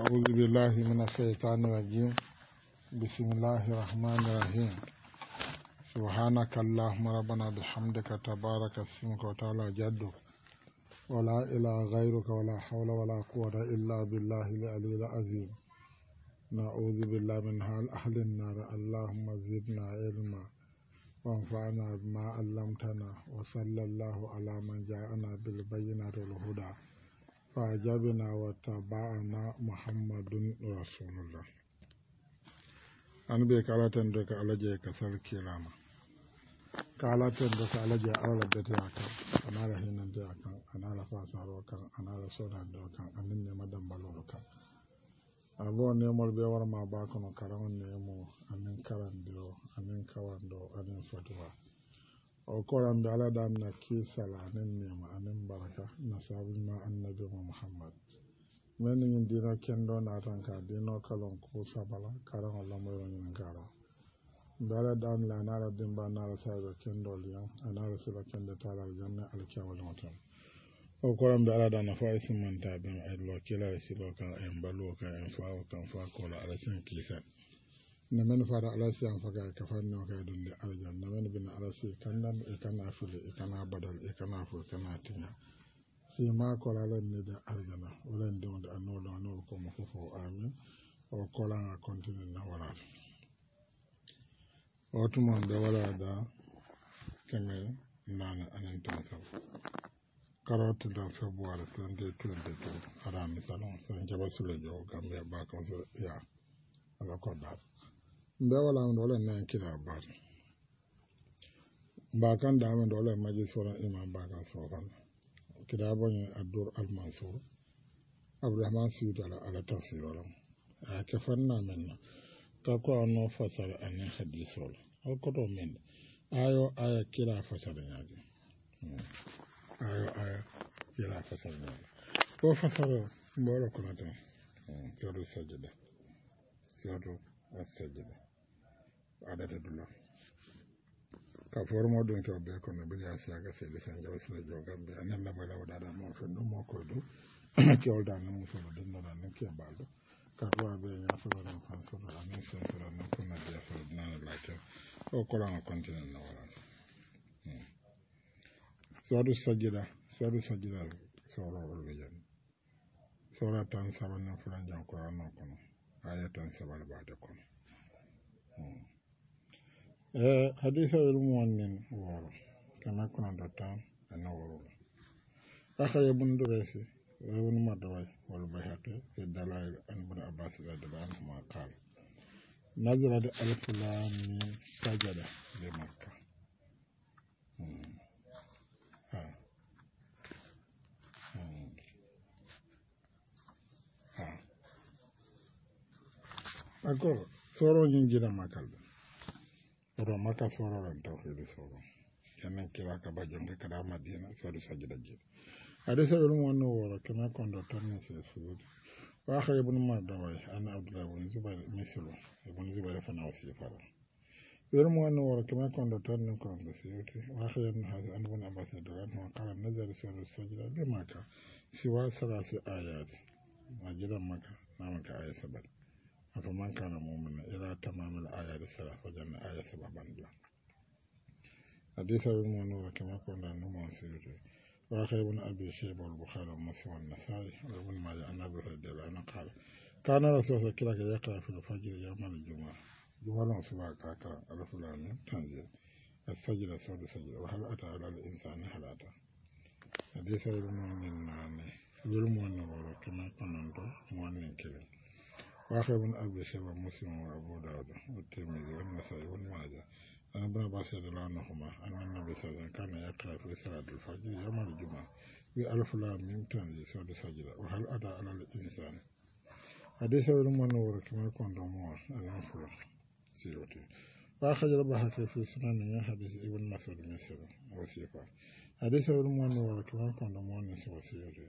أعوذ بالله من الشيطان الرجيم بسم الله الرحمن الرحيم سبحانك اللهم ربنا بحمدك تبارك اسمك وتعالى جدك ولا إله غيرك ولا حول ولا قوة إلا بالله العلي العظيم نعوذ بالله من حال أهل النار اللهم زدنا علما وانفعنا بما علمتنا وصلى الله على من جاءنا بالبينات والهدى فأجبنا وتبعنا محمد رسول الله an bai kalatin da ka alaje ka sarki rama kalatin da ka alaje a wala da ta kan anala hinan da kan anala fasaro kan anala sona da kan anin ne madan baloro kan abuwa ne mol be ba kono karaman ne mu anin karan do anin kawan do anin fatuwa o koran da ala da na ki salanin nema anin baraka na sabon annabi muhammad men ngin dina kendo na tan ka dino kalon ko sabala karan Allah mai wani gara dala dan la na rabbin ba na rasa da kendo liyan ana rasa da kendo tara janna alkiyawal mutum o da ala na fara sun manta bin ai lokila shi lokan ayan balo kan fa kan fa ko la rasin kisa na men fara alasi yan faga e kafanno ka dulle arjan nde men bina alasi nan e kana fili e kana badal e kana fo e kana tiña si ma kolalen ni de arjana wolen da annoɗo anoo komo fofo amin o na kontinu na wala. o tuman da wala da kame nane anen tan sal karote dan february 2022 arami salon san jaba ba jo gambia ya ala ba mbe wala mo dole nan kila bar kan da amin dole maji sauran imam ba bakan sofan kida bonye addur al mansur abdurrahman suyuti ala ala tafsir wala a ah, ke fanna min ta ko no fasal an hadis wala hmm. o min to ayo aya kila fasal nyaade ayo aya kila fasal nyaade ko fasal mbolo ko na tan hmm. sura sajda sura as-sajda adata dula ka formo ɗum to ɓe kono mbiɗa siyaga seeɗa sen jawsira jogamɓe anen na waɗaɗa mon fen ɗum o koye ɗum kewɗa no musolo dindana nen kebalɗo kaɗuwa ɓe ñasoɗoɗen fansoro anen sensoro anen kona na dunana lakel o korano continue no walan hmm. sodu sajjida sodu sajjida sowro wolɓe jan sowra tan saɓanen fulan jan korano kono aya tan saɓal bade kono hmm. Eh, hadisa ilmuwannin woro kama kuna dotan ana worula aka yi bun duresi wani madawai wal bayhaqi fi dalail an ibn abbas radhiyallahu anhu qala nazara da alif lam mim sajada li makkah hmm. d'accord hmm. soro ñin jina makal oɗon maka sororan tawhidi soron yana kira ka ba jonge kada madina a sajida jeeɗi hadisa ɗum wonni woro keme kondo tanni se suudi wa akha ibn madawai an abdullah ibn zubair mislu ibn zubair fana wasi fara ɗum wonni woro keme kondo tanni kondo siyuti wa akha ibn hadi an ibn da dogan ho kala nazari sodu sajida be maka siwa sarasi ayati majidan maka namaka aya sabati oto man kana mumina ila tamamil ayari sara fo janna aya sababandila hadisa wi mo nora kema konda numo sirde وأخي ابن أبي شيبة والبخاري ومسلم والنسائي وابن ماجه عن أبي هريرة أنا قال كان رسول الله صلى الله عليه وسلم يقرأ في الفجر يوم الجمعة جمعة صباح كاكا الفلاني تنزيل السجل السود سجل وهل أتى على الإنسان هل أتى حديث المؤمن نعني ظلم ونور كما كنا نقول مؤمن كلمة وأخي بن أبي شيبة مسلم وأبو داود والترمذي والنسائي وابن ماجه انا ابن عباس رضي الله عنهما أن النبي صلى الله عليه وسلم كان يقرأ في صلاة الفجر يوم الجمعة بألف لام ميم تنزيل سورة سجدة وهل أتى على الإنسان حديث ابن منور كما يكون دموع الأنفر سيرتي وأخرج البهقي في سننه حديث ابن مسعود مثله وصفه حديث ابن منور كما يكون دموع الناس وسيرتي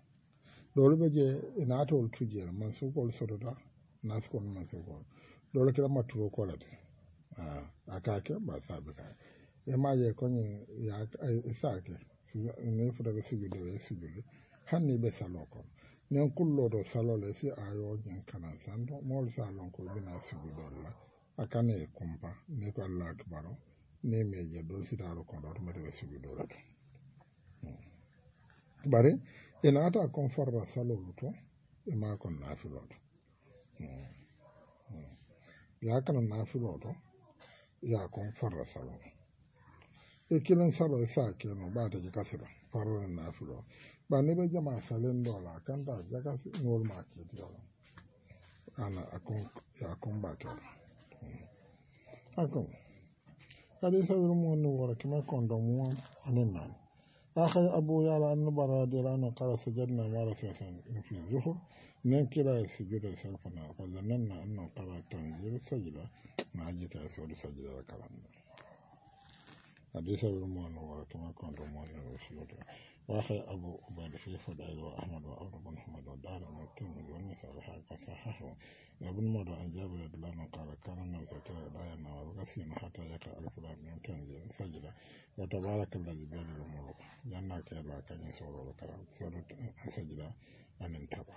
je ina ɗolu ɓe je naatowol tujjel da sukol sotota naskol man sukol ɗolu kiɗanma turo kolete a kake ba ma je ya saɓe kake Ne maje koñi sake ni fotata sujude e sujude hanni ɓe salo Ne kon da kulloto salole si ayo ñin kanan santo mool salon ko bina sujudolla a kane e kumpa ne ko allah akbaro ni meje ɗol sitaro da ɗo to mete ɓe sujudola to hmm. bari e naata kon farra salolu to e ma kon naafiloo to hmm. hmm. ya kana naafiloo to ya kon farra salolu e kilin salo e, e sa keno ɓaata jakasira farrone naafiloo ba ni ɓe jama salen ɗola kanta jakas ngol ma kiidiyola ana akon ya kon ɓakeɗo akon kadi sawir mu wonni wora kima kondo mu anin nani آخر أبو يعلى أن برادي رأنا قال سجدنا ورثة في الظهر من كلا السجود سلفنا فظننا أنه قال تنزيل سجدة مع جيت أسود سجدة كلامنا حديث المؤمن وكما كنت مؤمن رسول الله waxay abu ubaada fi fadhaayo axmed wa arab maxamed wa daara wa tim wa nisa wa haqa sahahu ibn mura an jabu ta dlana qara kana na zakira daya na wa gasima hata yaka alfulam ya mkani ya sajila wa tabaraka la jibani la muruk janna ke la kanyi soro la karam soro sajila anin taba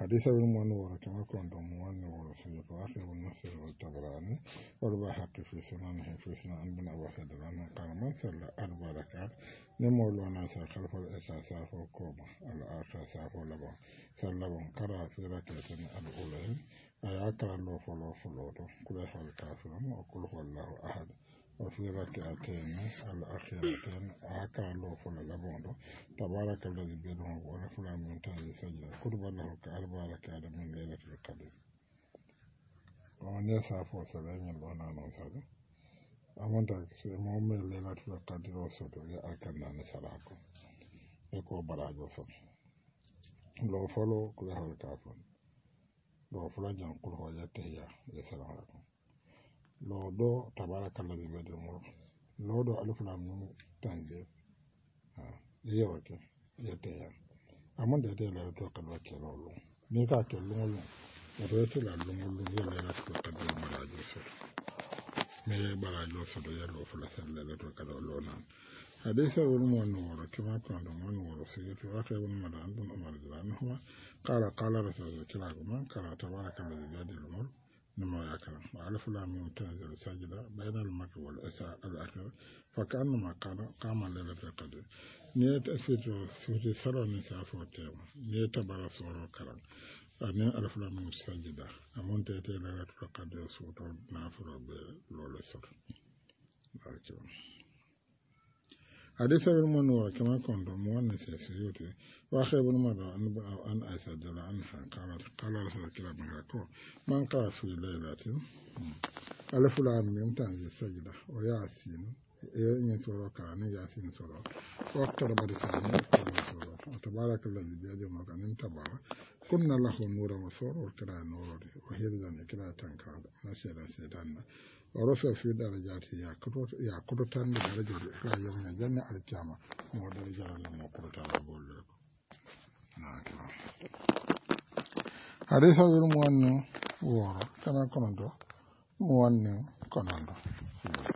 حديث ابن منور كما كنت منور سيد واخر النصر والتبراني والباحق في سنانه في سنن بن ابو سدران قال من صلى اربع ركعات نمول وناصر خلف الاساء سافو كوبا الاخر سافو لبن سلبن قرا في ركعتين الاولين اياكر لو فلو فلو كل حال كافر وكل هو الله احد وفي ركعتين الأخيرتين هكا لو فلا لبوندو تبارك الذي بيده ونفلا من تهي سجدة قرب له كأربع ركعات من ليلة القدر ومن يسعى فوسلين البنان وسجد أمن تكسي مؤمن ليلة القدر وسجد يأكلنا نسلاكم يكو براجو سجد لو فلو كلها الكافر لو فلا جنقل وجدته يا سلام عليكم lodo tabarakallah ɓe ɓeyde mum loɗo aliflam num tanzir yewake yeteya amon de tela to kadwa kelolu ni ka kelolu to tela lumulu yele la to kadwa marajo so me ye barajo so do yelo fula selle to kadwa lona hadisa wani wani wuro kima kuma da wani wuro su yi tura kai wani mara an zama mara da ranar kuma kala kala da sauran kira kuma kala ta bara kala da jadi lumuru نما أكرم وألف لام تنزل ساجدة بين المغرب والعشاء الأكرم فكأنما قام قام ليلة القدر نيت أسيت سوتي سرى نساء فوتيم نيت برا سورو كرم أني ألف لام ساجدة أمون تيتي ليلة القدر سوتو نافر بلول سر أكرم حديث ابن منور كما كنت مؤنث السيوطي واخي ابن مدى عن عائشه جل عنها قالت قال رسول الله كما من قال في ليله الف لام ميم تنزل السجده وياسين yin tsoro karani ya sin tsoro waktar bari sani kuma tsoro a tabaraka lalzi biya da maganin tabara kunna lahu nura wa tsoro kira nuru wa hirzan kira tanka na shaidan shaidan na wa rafa fi darajati ya kuto ya kuto tan da darajar ka yau ne janna alkiyama kuma darajar Allah mu kurta da bolle na kira hadisa bil muwannu woro kana konondo muwannu konondo eh.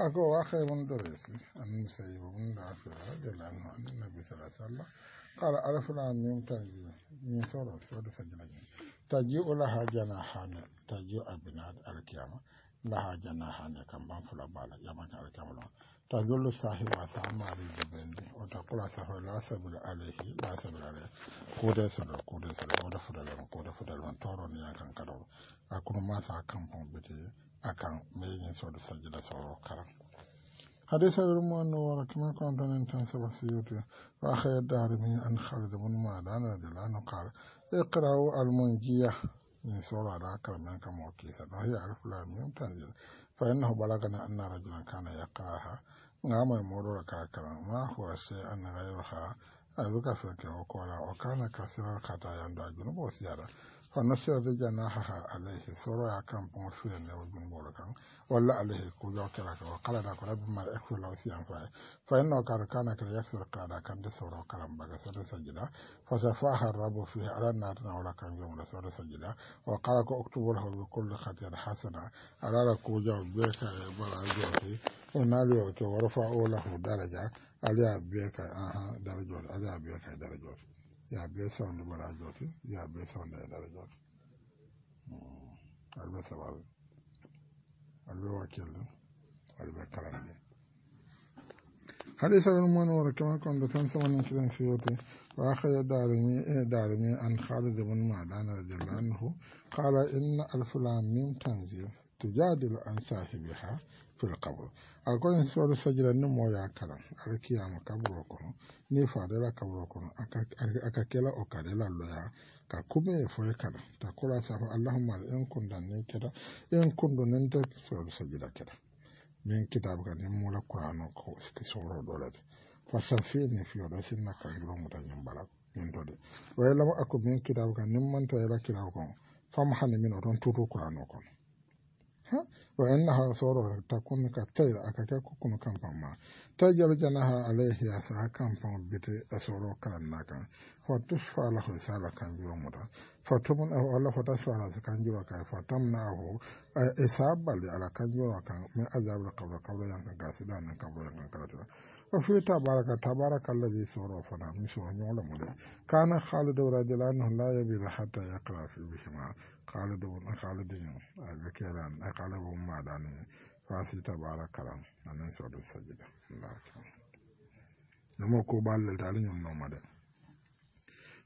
ako wa khayrun darasi an musayyib bin da afira da lanu annabi sallallahu alaihi wasallam qala arafna min tanzil min sura sura sajdatin Taji taji'u laha janahani taji'u abinat alkiyama laha hane kan ban fula bala yaman alkiyama lon tazullu sahiba samari jibendi wata kula sahiba la sabila alaihi la sabila alaihi kude sabila kude sabila kude fudalama kude fudalama toro ni yankan kadoro akunu masa akan pombiti akan meyin sodu sajida soro karan حديث غير مؤن كما كنت أنت سبع سيوتي وأخي الدارمي أن خالد بن معدان da la عنه قال iqra'u al-munjiya min sura da karman kama wakisa don hiya alfula min tanzil fa innahu balagana anna rajulan kana yaqra'aha nga mai murura kakaran ma huwa sai an ghayruha abuka sarkin okola o kana kasirar kata yanda junubo siyara fa haka alaihi alayhi ya kan bon ne wajen jumbolo kan walla alayhi ko jawtera kan o kalada ko rabbi ma ekfulaw siyan fa'i fa'in na kara kana kala kan da kande kalan ba ga sauran sajida fasa fahar rabu ran ala tana wala kan da sauran sajida wa kara ko oktobar hau bi kulli khatir hasana rara ko jaw be kare bala joti o nali o ke warfa o lahu daraja aliya be kare aha daraja aliya be kare daraja ya be sawde bara joote ya be sawde e ɗara joote aɗa ɓe sabaɓe aɗa ɓe wakkille aɗa ɓe kalanɗe حديث المنور كما كنت تنسى من شرين سيوتي وأخذ دارمي دارمي عن خالد بن معدان رضي الله عنه قال إن الفلام ميم tujadilu an sahibiha fil qabr akoyen soro sajira ni moya kalan ala kiyama kaburo kono ni fadala kaburo kono aka kela o kadela loya ka kube foye kada ta kula safa allahumma in kundan ne kada in kundu nan ta soro sajira kada min kitabu ka ni mula qur'ano ko soro dole fasan fi ni fiyo do sinna kan gro mutanyin balak min dode wayla ma ako min kitabu ka nim manta yala kitabu ko fam hanin min odon tutu qur'ano kono wa'in na hawa sauro ta kuma ka ta yi aka kai kuma kan fama ta jirgin na hawa alaihi ya sa kan fama bita a sauro kan nakan fatu su ala kan jiwa mu ta fatu mun a ala fata su kai fatu mun ala kan jiwa kan min azabar kabra kabra yankan gasi da nan kabra yankan o fi tabaraka tabaraka allazi soro fana misoro ñoolo mule kana halidow radiallahu anhu la yabila hatta yaqra fi bihima halidow halidiñum aga kelan e halibo maɗani fasi tabarakalam anen sodu sajida allahu akbar nomo ko balleltaali ñum nomade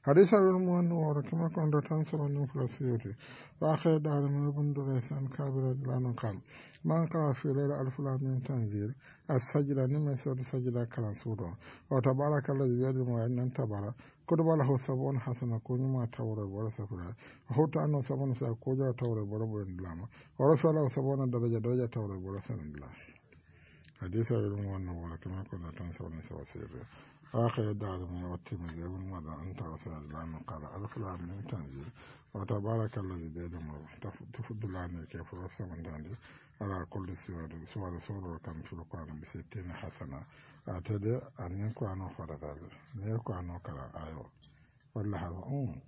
hadisa wel muwanni woore tuma kondo tan soronin fula siyoti waaxee daare mene bundure san kabira dilano kan man kawa fiilere alfula min tanzil a sajila ni men sodu sajila kalan suuɗo o tabaraka llahi wiyadimo waɗnan tabara kotobala ho sabu hasana ko ñuma tawre boro safira howta anno sabu on sa kojara tawre boro ɓoyen dilama oro feela o sabu daraja daraja tawre boro sanadila hadisa wel muwanni woore tuma kondo tan soronin sawa siyoti aka yadda da mu wata mai zaɓin wadda an ta wasu razbanin kala alfula mai mutan zai wata bara kalla zai bai da mu ta fi dula mai ke furafsa wanda ne ala kulli suwa da suwa da suwa da kan fi kwanan bisa ta na hasana a ta da a ne kwanan fara da zai ne kwanan kara ayo wala hawa un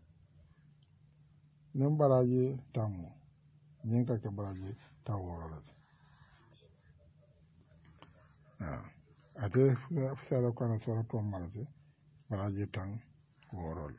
nin baraje ta mu yin kake baraje ta wuraren ate fisara kono soro to marje wala je tan worol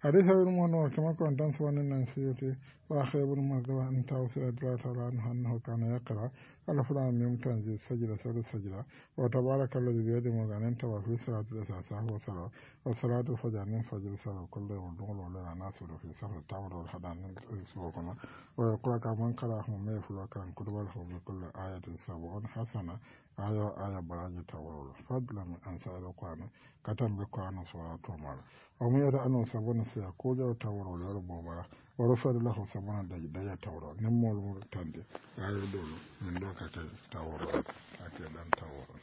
hadisa ibn munawar kama kon dan so wannan nan sai yote wa khaybul magaba an tawsil adra ta'ala anhu annahu kana yaqra al furan min tanzil sajda sajda sajda wa tabarakallazi bi yadihi maganan tawafi salatu da sasa wa sala wa salatu fajr min fajr sala kullu yawm dulu la nasu fi safar tawar wal hadan da suwa kana wa yaqra ka man kala hum ma yafulu kan kudwal hum kullu ayatin sab'un hasana ayo aya baraji tawar fadlan an sa'ala kana katambe kana salatu mara ومن يرى أنه seya kujaw tawro laro لربو برا fere lahu sabona daji daja tawro nem mol mo tande ayo dolo min do kake tawro ake dan tawro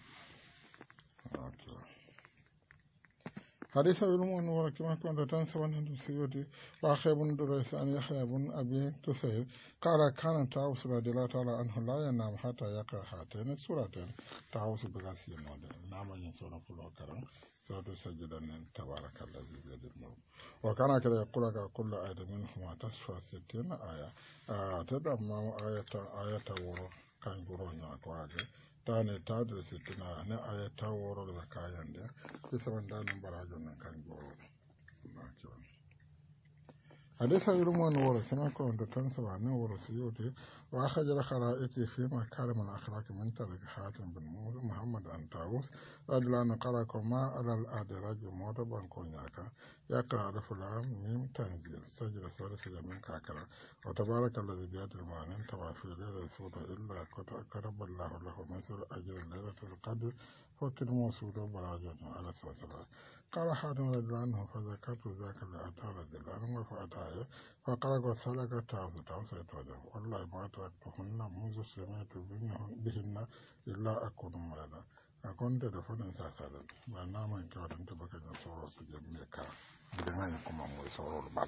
حديث ابن مؤمن وركما كنت تنسوا أن السيوطي واخي بن دريس ان يحيى بن ابي كسير قال كان تعوس رضي الله تعالى أنه لا ينام حتى يقرا هاتين السورتين تعوس بلا سيما نعم ينسون فلو كرم سورة سجدة تبارك الذي بيد الملك وكان كده يقول لك كل آية منهما تسوى ستين آية تدمم آية آية ورو كان جرو نعكواجه tane tadre sittina ne aya taworore ɓe kayande kisaman danen mbarajo nen kan goro ɗum akiwan hadisa irin wani wuri kina kwanta kan sa ba ne wuri su yau da wa aka jira kara ita fi ma kare mana akhlaki min ta daga hatin bin muhammad muhammadu antawus adila na kara kuma alal adira ji mota ban konyaka ya kara da fula min tanzil sajira sauri su jamin kakara wa ta bara kalla da biya da ma'anin ta ba fi da da su da illa ko ta kara a lahu masu ajiyar lalata فكرموا سورة براجة على سلسلة قال حاتم رضي عنه فذكرت ذاك الأثار رضي عنه فأتاه فقال قد سلك تعز تعز يتوجه والله ما تركتهن منذ سمعت بهن إلا أكون مريضا أكنت دفن ساسالا وأنا من كوتن تبكى صورة جميعك جميعكم أمور صورة البعض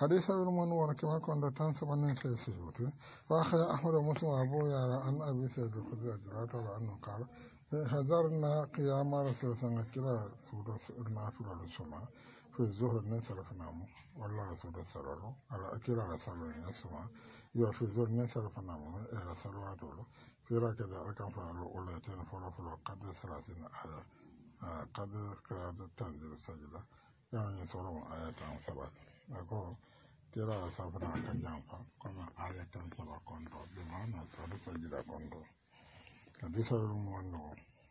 حديث ابن منور كما كنت تنسب من سيسجوت وأخي أحمد مسلم أبو يارا عن أبي سيد الخدري رضي الله عنه قال هزرنا قيام رسول الله كلا سورة النافلة للسماء في الظهر نسلف نامو والله رسول الله على كلا رسول الله يو في الظهر نسلف نامو إلى صلوات له في ركض أركان فعلوا أولئتين فلو فلو قد ثلاثين آية قد كراد تنزل السجدة يعني سورة آية عن سبعة ako kira sabra ka jamfa kuma aya tan saba kondo be mana sabu sajira kondo ka bisa rumu wanno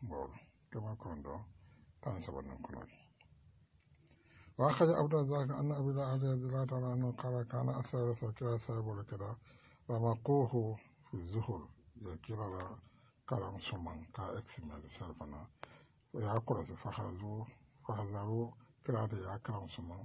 bol kama kondo tan saba nan kono وأخذ عبد الرزاق أن أبي العز رضي الله تعالى عنه قال كان أسر رسول كلا سايب كذا رمقوه في الزهر يكلا كلام سمان كا إكسمال سلفنا ويأكل فخذوا فخذوا كلا يا كلام سمان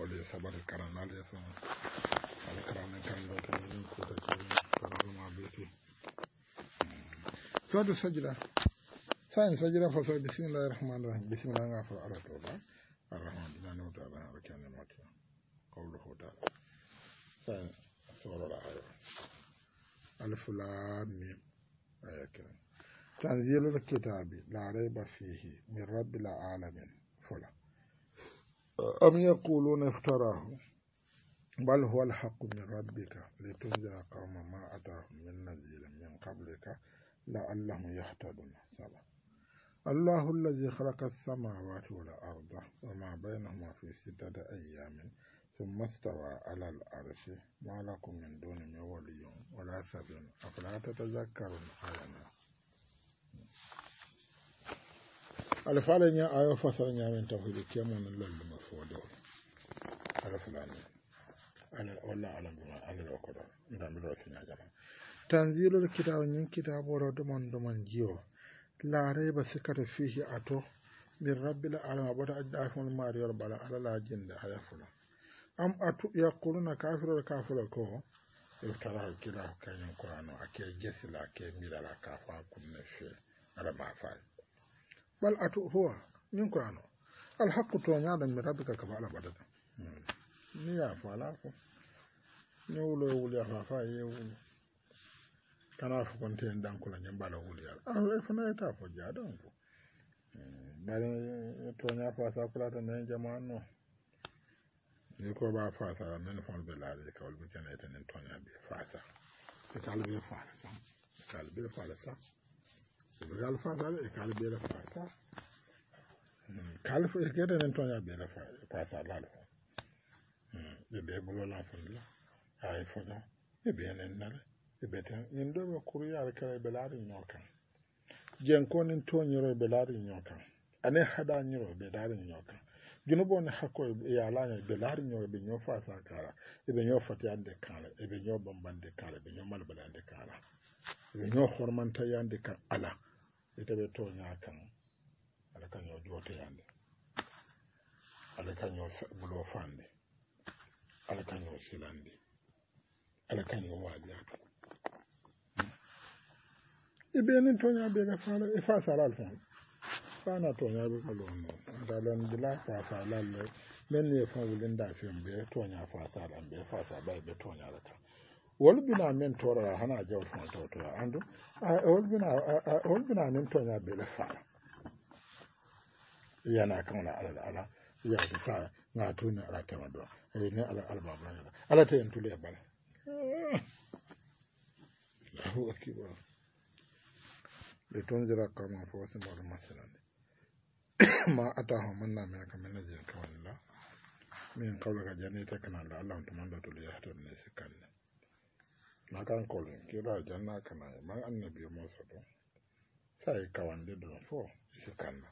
wala ya sabar karan lal ya sama ala karan kan da kan yin ko da kan karan ma be ke sadu sajda sai sajda fa sai bismillahir rahmanir rahim bismillah nga fa ala to ba arrahman ina ne mutaba na rakan ne mata qawluhu ta'ala sai sura al-ayat alif lam mim ayakin تنزيل الكتاب لا ريب فيه من رب العالمين فلان am yaquluna iftarahu bal huwa alhaqu min rabbika litunzira qauman ma atahum min nadirin min qablika la'allahum yahtadun saba الله الذي خلق السماوات والأرض وما بينهما da ستة أيام ثم استوى على العرش ما لكم من دونه ولي ولا سبيل أفلا تتذكرون آياته alfaala ña ayo fasal fasara ñamen tawhidi kemono lalluma foodoo ala fulani ala walla alanduma alal okoɗo ndambiloo siñajama tanzilol kitabu ñin kitaboro ɗuman ɗuman jiyo reba sikata fihi ato min rabbil alama ɓota aɗɗafol mariyol bala alala jinde haya fula am atu yakkuluna kafirol kafula ko yeftaraho kila kañum qur'an o ake jesila ake mbiɗala kafa fa kunne fe ala ma fa bal atu huwa min ko ano alhaqqu toñaɗan mi rabbika ka faala ɓadata ni ya faala ko ni wuloyo wulyata fa ye wulo kana fo kon ten dankula ñam mbala wulyal ah, na fanayeta fo jaɗon ko eh, bari toña fasa kulata nen jaman no ni ko ba fasa men bi ɓe laaɗe kawol ɓe keneten en toña ɓe fasa e kalɓe faala ta kalɓe faala sa. gal fasal e kal bela fata kal fo kede nen to ya bela fata lal e be bulo la fon la ay fona e be nen nale e be tan min do be kuru ya kala belari nyokan jen ko nin to nyoro belari nyokan ane hada nyoro belari nyokan junubo ne hakko e yalanya ɓe laari ñoo ɓe ñoo fasa kala eɓe ñoo fatiyande kala eɓe ñoo bambande kala ɓe ñoo malbalande kala eɓe ñoo hormantayande kan ala ite ɓe toña kan ala kaño joteyande ala kaño bulo fande ala kaño silande ala kaño wajata e ɓenin toñaɓe ga fala e fasalal fan fana toñaɓe ka lon noon dalan dila fasalalle men ni e fan wulinda fen ɓe toña fasalan ɓe fasa ولبنا من تورا هنا جاوت من تورا عندو ولبنا ولبنا من تورا بلفا يانا كونا على على يا دفا ناتونا على كما دو اي ني على على بابا على تين تولي بال هو كيبر لتون جرا كما فوس مول مثلا ما اتاهم منا ما كمن زين كون الله من قولك جنيتك نال الله انتم ندوت ليحتر نسكن nakan kolin kira janna kana man annabi musa ɗum sai kawande ɗum fo isi kanna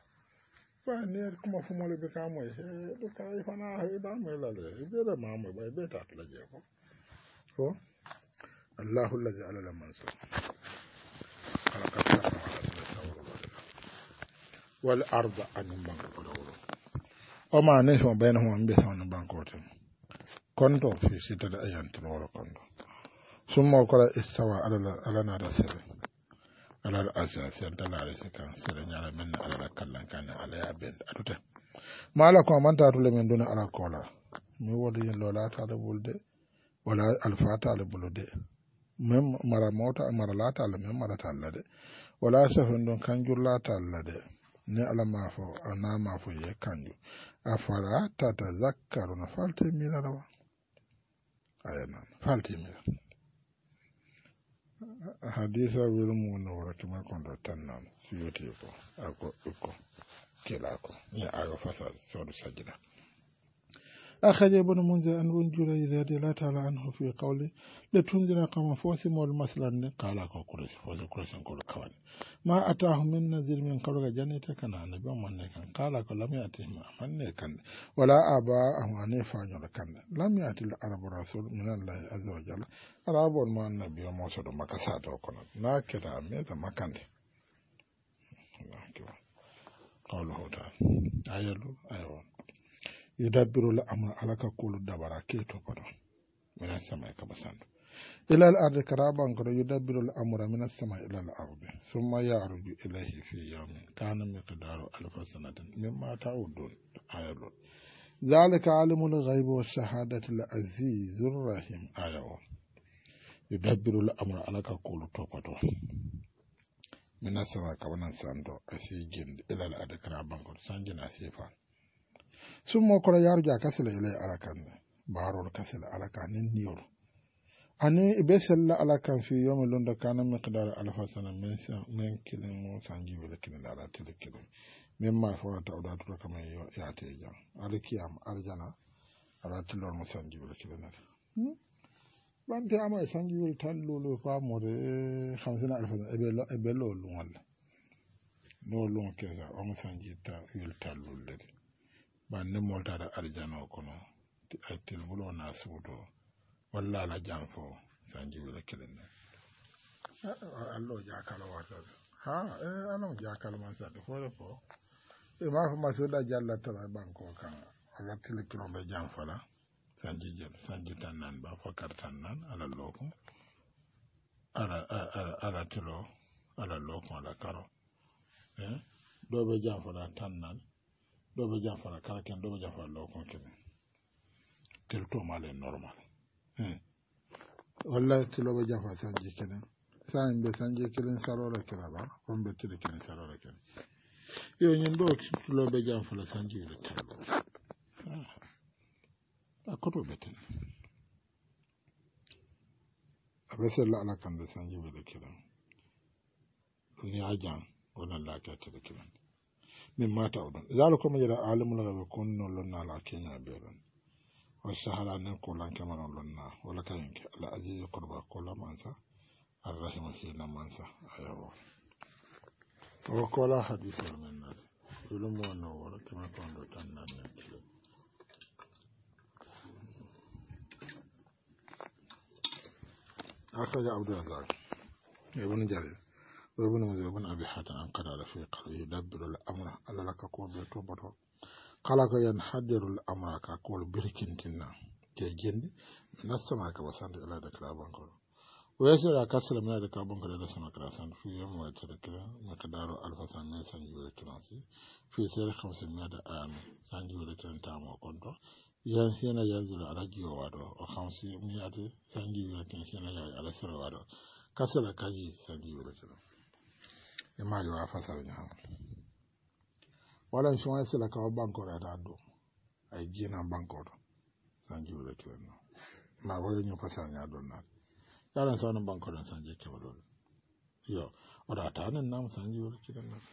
ba ne kuma fumole ɓe kamoy he ɗo e fana heɗamoy lale ɓeɗe mamoy be ta ta je ko fo allahu lladi alala mansur alakat sama la. sawroloɗe wal arda an banko koɗo wuro o ma ne so ɓayno huma mbiya sawno bankoten konto fi sittata ayantinowolo konto summa kola istawa alana da sirri alal arsina sirri da lare su kan sirri nyara min na alala kallan kane ala ya bin da tuta ma ala kuma manta tule min duna ala kola mi wadi yin lola ta da bulde wala alfata da bulude min mara mota mara lata da min mara talla de wala sahun don kanjur lata alla de ni ala mafo ana mafo ye kanju afara ta ta zakkaru na falte mi na rawa ayana falte mi na hadisa wuri mu nora tuma kondo tan noon fiyoti ko ako uku kila ku ya ago fasal sodu sajida أخذ ابن منذر أن ونجل إذا لا تعالى عنه في قوله لتنذر قوم فوسم والمثل قال كوكرس فوز كرس كل كوان ما أتاه من نذير من قبل جنة كان نبي من كان قال لم يأتهم من كان ولا أبا أهوان فانير كان لم يأتي العرب الرسول من الله عز وجل العرب ما النبي موسى مكساته كنا ناكرا ميتا مكانه الله أكبر قوله تعالى أيلو أيوان yudabbirul amra ala ka kolu dabara keto kono minas samai kaba sandu ila al ardi karaban kono yudabbirul amra minas samai ila al ardi Ya yaruju ilayhi fi yawmin kana miqdaru alfa sanatin mimma ذلك عالم الغيب والشهادة العزيز الرحيم آية يدبر الأمر على كقول توقته من السماء كمان ساندو أسيجين إلى الأدكار بانكو سانجين أسيفان summo kono yaaruja kasila ilai ala kan baarol kasila ala ka nin niyol ani be sella ala kan fi yomi londo kana miqdar alfa sana min min kilin mo sanjibele kilin ala tele kilin min ma fora tawda tuta kama yo yaate jam ala kiyam arjana ala tilor mo sanjibele kilin ala hmm? bante ama sanjibele tan lolo famore hamsina alfa ebe ebe lolo wala no lon kesa o mo sanjita yul tan lolo de bande mo da aljano kono eh, bulo na suuto walla la janfo sanji wala kelen ne eh, eh, allo kala watata ha e ja kala man sadde fore ko e ma fo masuda jalla tara banko kan ala til tili be janfo la sanji jam sanji tan nan ba fakar tan nan ala loko ala ala ala tilo ala loko ala karo eh dobe jan fala tan nan do ɓe jafara kala ken ɗo ɓe jafara law kon kene teltomale normal wallahi tiloɓe jafa sanji kenen sayin ɓe sanji kelen sarora kela ba on ɓe tili kelen sarora kelen yo ñin ɗo tiloɓe jafala sanji wile tello a koto ɓe ten aɓe sella ala kamɓe sanji wile kelen ɗum ya jan wonan lakiya tili kelen min mata odon zalikum yara alimul ghaibi kunnu lonna ala kenya belon wa sahala ne ko lan kamaron lonna wala kayanke ala azizi qurba ko la mansa arrahim hina mansa ayawo o ko la hadith min nan dulum wono wala kama ko ndo tan nan أخرج عبد الرزاق ابن جرير ibn muzir ibn an qada la fi qalbi ko be to boto qala ka yan hadir al amra ka ko birkintina te jend na sama ka wasan ila da kala banko wa yasira ka da ka banko da sama ka san fi yam wa ta kira ma ka daro al fasan ne san yu da kira si fi sir khamsa min ta mo konto yan hina yan ala jiwa wado o khamsi min da san yu da kira hina ya kasala kaji san e maajo wa fasara ñaamol wala feŋo sila kawa bankoro ata do ay jiina bankoro san jiwle tuwen no ma wani ñin fasara ña don naata yaran sawno bankoro san je keɓalol yo oɗa tanen nam san jiwle ciɗen naata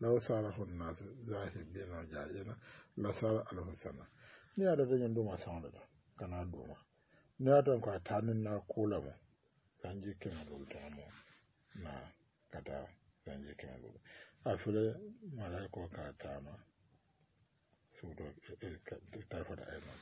law sarahu nnas zahibina jajina la sara alhusana ni ya da yin duma sama da kana duma ni ya tan ko tanin na kula mu dan je kin lulta mu na kata dan je kin lulta a fule malaiko ka tama su e, e, e, da ta fada ayyana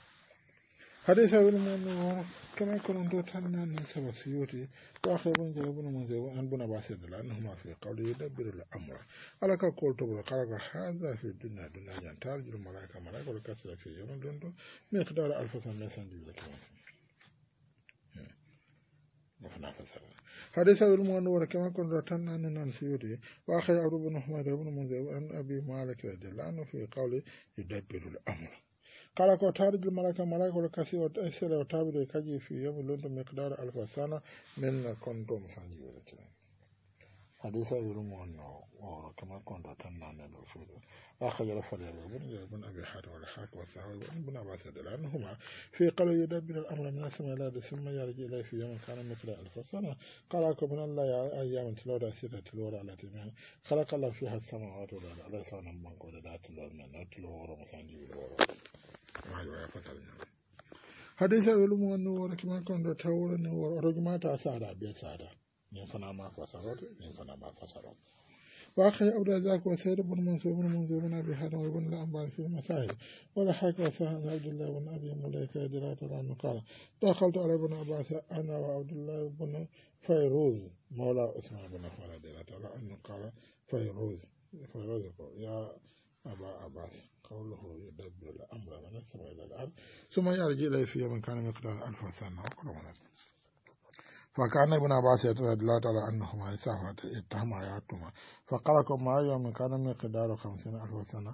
حديث أول ابن نور كما يكون دوت عن سبع سيوتي واخر بن جابر بن منذر عن بن عباس رضي الله في قوله يدبر الامر على كقول تبر قال هذا في الدنيا دنيا جل ملاك ملاك ولا كسر في يوم دون دندو مقدار 1500 جبل اه. حديث أبي المنور كما كنت رتنا أن ننسيوتي وأخي عبد بن محمد بن منذر عن أبي مالك رضي الله عنه في قوله يدبر الأمر kala ko taaribil malaka malaka oto kasi o sere o taabiɗo e kaji fi lonto mikdara alpha sana min kondom sanji sanjiwere tilan hadisa yulumu annahu wa kama kunta tanana lahu fi akhaj al-fadl ibn ibn abi had wal haq wa sawi ibn abbas anhuma fi qala yudabbir al-amra min asma ila thumma yarji ila fi yawm kana mithla alf sana qala kum min allah ayyam tilawda sita tilawda ala timin khalaqa allah fiha as-samawati wal ardi ala sana man qala da tilawda min tilawda musanji wal ma ya fatalna hadisa yulumu annahu wa kama kunta tawran wa rajma ta sada bi sada من فنا ما فسرت من فنا ما فسرت وأخي أولى ذاك وسير بن منصور بن منصور بن أبي حاتم بن الأنبار في المسائل وضحك وسهل عبد الله بن أبي مليكة درات العنه قال دخلت على ابن عباس أنا وعبد الله بن فيروز مولى عثمان بن عفان درات العنه قال فيروز فيروز يا أبا عباس قوله يدبر الأمر من السماء إلى الأرض ثم يرجع إليه في يوم كان مقدار ألف سنة وقرون فكان ابن عباس رضي الله تعالى عنهما يسافا اتهم اياتهما فقالكم ما يوم كان مقدار خمسين الف سنه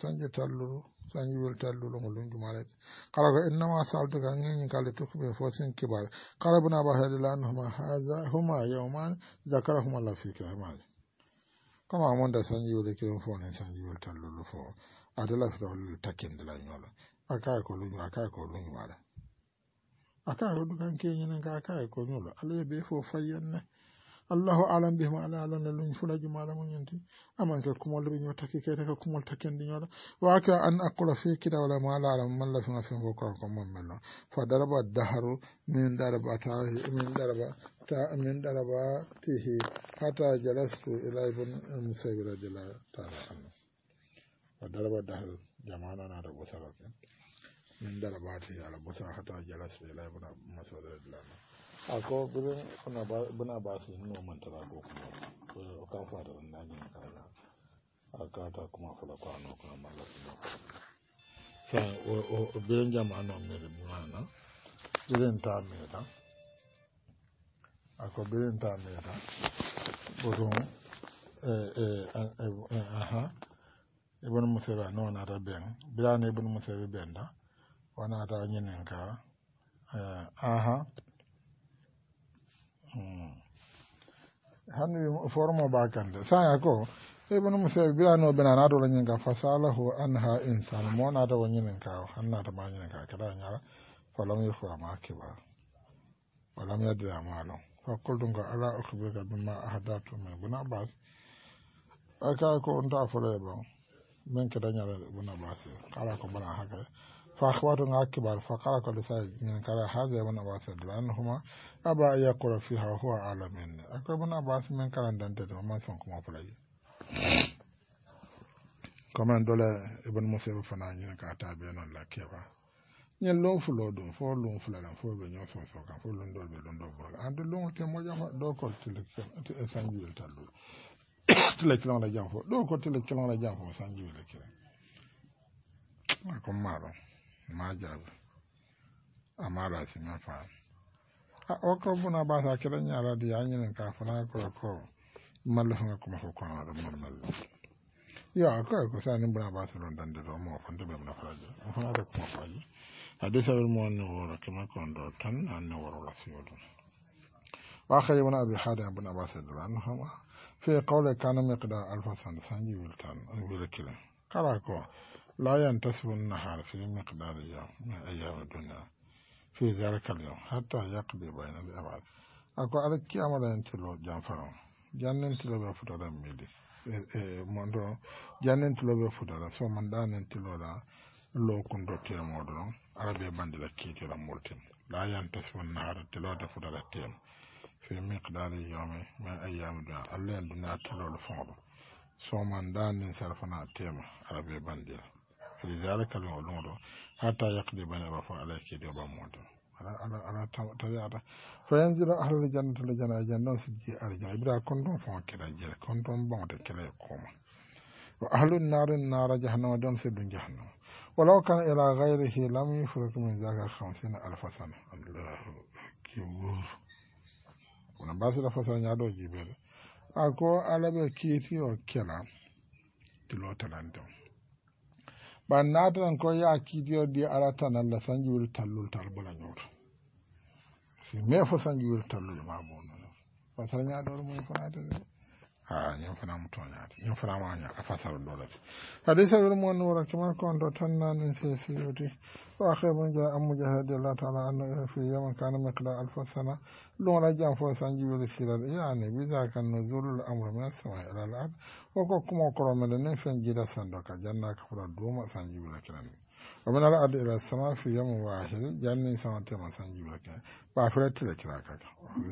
سانجي تلولو سانجي ويل تلولو ملون جمالات قال انما سالت غنين قال تكب فوسين كبار قال ابن عباس رضي الله عنهما هذا هما يومان ذكرهما الله في كلامه كما امون دا سانجي ويل كيلون فون سانجي ويل تلولو فو ادلا فتو تاكين دلا يولا اكاكو لون اكاكو لون يولا aka rodu kan ga ka kaye ko ñulo alaye be fo ne allahu alam ma ala lun fula fulaji mala mu ñanti amanke kumol ɓe ñoo takki keyte ka kumol takkendi Wa waka an aqra fi wala ma ala alam man fi ko fo ko mon mello fa daraba daharu min daraba ta min daraba ta min daraba tihi hata jalastu ila ibn musayyib radhiyallahu taala anu fa daraba daharu da ɓosarake min darabati ala busan hata jalas ila ibn mas'ud radhiyallahu anhu ako bin kuna buna ba su nuna mantara ko kuma o kan fara wannan ne kaza aka ta kuma falaka no kuma mallaka no sa o o birin jama'a no mai ko birin ta mai ta ibn musira no na da ben bilani ibn musira ben da wana ta ñinen ka e, aha hannu hmm. wi formo bakande sanga ko ebono mu sew birano bena nato la ñinen ka fa salahu anha insan mo nata wo ñinen ka hannata ma ñinen ka keda ñara falam yirfu ama kiba walam yadi amalon fakultu nga ala ukhbirka bima ahdatu min bun abbas aka ko onta fulo ye bon min keda ñara bun abbas kala ko bana hakare فأخبرنا أكبر فقرأ لسائل من قال هذا ابن عباس لأنهما أبا أن يقرأ فيها هو أعلم مني أكبر ابن عباس من كان دانتد وما سنكم أفلاي كمان دولة ابن موسى فنانين كاتابين الله كيبا ñen lon fulo ɗum fo lon fulalan fo ɓe ñoo soso kam fo lon ɗol ɓe lon ɗo bor an ɗo lon te mojama ɗo kol tile sanjiwel talluɗo tile kilonla jam fo ɗo ko tile kilonla jam fo sanjiwele kilan ko maɗon ma jaaba amara ah, sima faa a o buna ba sa kiran yara da ya yi ka fara ko ko mallu ga kuma ko kan da mun mallu ya ko ko sa ni buna ba su don da mu fa da mun fara da mun fara da kuma fara hadisa bil mu'min wa kuma kon do tan an wa rasulun wa akhay ibn abi hada ibn abbas radhiyallahu anhu fi qawli kana miqdar alfasan sanji wiltan wilkila kala لا ينتسب النهار في مقدار يوم من أيام الدنيا في ذلك اليوم حتى يقضي بين الأبعاد أكو على كيام لا ينتلو جانفرون جان ينتلو بفضل ميلي mondo janentilo ɓe fudara so man ɗanentiloɗa lokundo temoɗo ɗon arabe bandila kiitira murtin la yantas won nahara tilode fudara tem fi miqdari yome min ayami duna allah en duniya tilol fonɗo so man ɗanin sarfana tema arabe bandila lidhalika almawludo hatta yaqdi bane ba fo ala keɗo bamoto ala tawiata fa yanzila ahlal jannata le jana e janna sijji aljana ibra konton fon keɗa jere konton bonte kele koma wa ahlu nari nara jahannama don seddu jahannama walaw kana ila gayrihi lam yufrik min zaka hamsina alfa sana allahu akbar kono mbasila fasala ñaɗo jiɓede a ko ala ɓe kiiti o kela tilo Ban natanan ko ya kiidiyoɗi ara tanalla sanji wel tallol tal bola si mai fo sanji wel tallol ma bonono a ah, mu toñaade ñin fana ma ña a fasara ɗolade hadisa wel mo nuura cuman konto tan nanin se siyuti o akhebon ja ammujahadi allah taala anno e fi yaman kana mikla alfa sana ɗumra jam fo sanji weli silade yani bisaka nuzulul amre min sama ila al ard woko kumo koromede nin fen jiida sandoka janna kafura duuma sanji wela kirani wamina la adi ila sama fi yamu wa ahiri jani sama te ma sanji wula kene ba afira tila kira kaka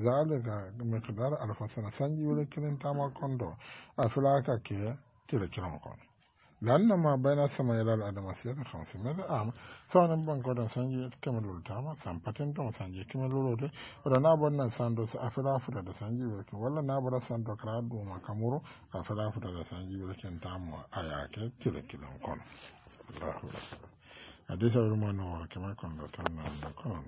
zaade ka mikdara alfa sana sanji wula kene tama kondo afira ka ke tila kira ma kondo lan na ma bayna sama ila la adama siya ta khansi mele am sawa na mbang kodan sanji kema lulu tama san patento sanji kema lulu de wada na bo na sando sa afira afira da sanji wula kene wala na bo da sando kara duma kamuru afira afira da sanji wula kene tama ayake tila kira ma kondo Allahu Akbar. hadisa rumano kema kondo tanna kono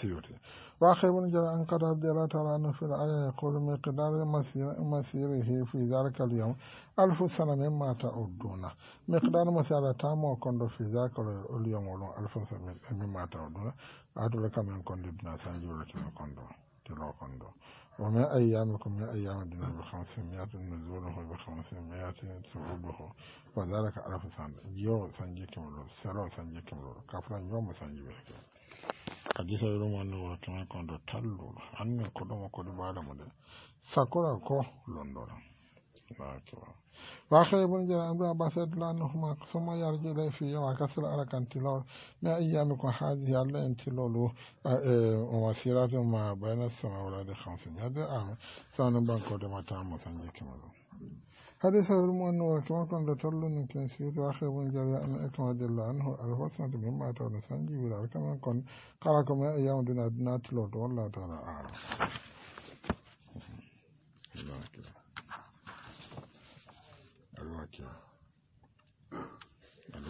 سيوتي وأخي بن جرى أن قد رضي الله تعالى عنه في الآية يقول مقدار مسير مسيره في ذلك اليوم ألف سنة مما تعدون مقدار مسيرة تام وكند في ذلك اليوم ولو ألف سنة مما تعدون أدرك من كند بنا سنجولة من كند تلو كند ومن أيامكم من أيام الدنيا بخمسمائة نزوله بخمسمائة سعوده وذلك ألف سنة يو سنجي كمرو سرو سنجي كمرو كفرا يوم سنجي بحكي hadisa yi أنه وكما wata mai kwanta tallo hannun kudu makudu ba كو لندولا لا sakura وأخي بن جرى ابن عباس رضي الله عنهما ثم يرجع إليه في وكسر أرك أنتلول لا إيامكم هذه ألا أنتلول ومسيرات ما بين السماء والأرض خمسين هذا آمين سأنا بانكو دمتا تامو سنجيكم حديث المؤمن وكما كان تطلو من كنسيوت واخر من جريء أن أكما جل عنه الحسنة مما تولى سنجي ولا كما كان قالكم أيام دون أدنات لوت والله تعالى أعلم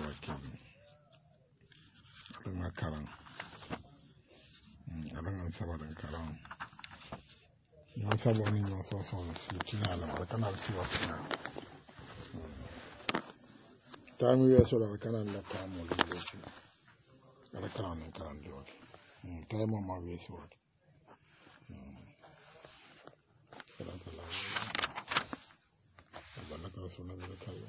wakili ɗum hmm, karan aɗan an sabaɗin karan ñon saba ni ñon soson si tinala mbaɗa kanal siwa tina tami weesoɗo aɗa kanal la tamol weesi aɗa karanin karan jooki taymo ma weesi woki salatu allah balaka rasulullah kalla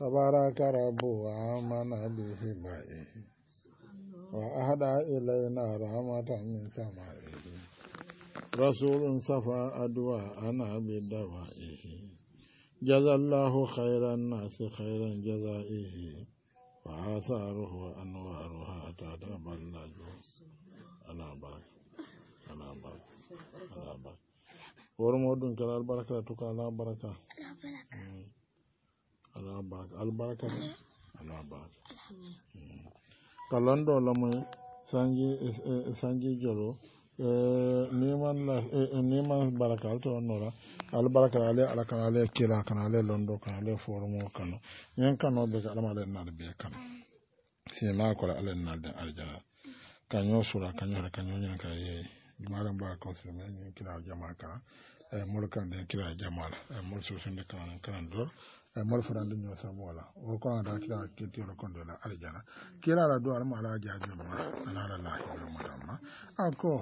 تبارك رب وآمن به بعيد وأهدى إلينا رحمة من سمائه رسول صفى أدواءنا بدوائه جزى الله خير الناس خيرا جزائه وآثاره وأنوارها تتبلج أنا بارك أنا بارك أنا بارك ورمودن كرال بركة تكالا بركة لا بركة ala baraka albaraka ala baraka mm. kalando lamu sanji eh, eh, sanji jolo eh, neman neman baraka to nora al baraka ale ala kan mm. ale kila kan ale londo kan ale formo kan nyen kan be ala ma nal be kan si ma ko ala nal den arjana kan yo sura kan yo kan yo nyen kan ye dimaran ba ko se men nyen kila jama kan e mol kan den kila jama e mol so sun de kan kan do e eh, mol farande ñoo sabu wala o konata kila kettiyolo kondola aljana kilala do alma ala jaabima anala lahilo mutamma ako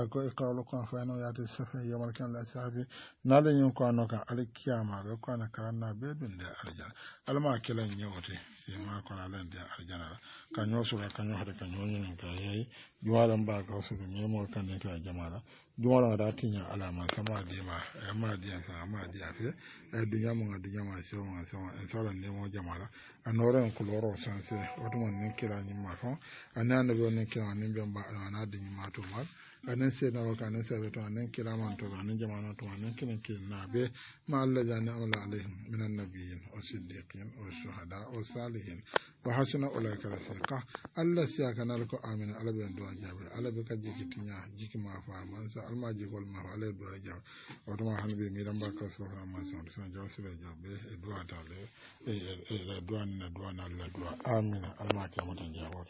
ako iqrawlo kon fayno yaate safe yomal kan la saabi nala ñin ko ko kila ñewote la kaño sura kaño hade ka mba ka sama ma ma eh, e eh, duña mo ga duña ma sewo ga sewo en sora ndemo jamala a anoren kuloro sanse otumon nin kira ni mafon anan da nin kira nin biyan ba ana da ni mato ma anan sai na waka anan sai to anan kira man to anan jama'an to anan kiran kiran na be ma Allah ya ni'amala alaihim minan nabiyyin wa siddiqin wa shuhada wa salihin wa hasuna ulaika rafiqa Allah siya kanal ko amin alabiyan do jabe alabi ka jiki tinya jiki ma fa man sa alma jikol ma ala do jabe otuma hanbe mi dan ba ka so ma sa san jawsu be jabe e do atale e e, e, e do na duwa na Allah duwa amina Allah ke mutan jawar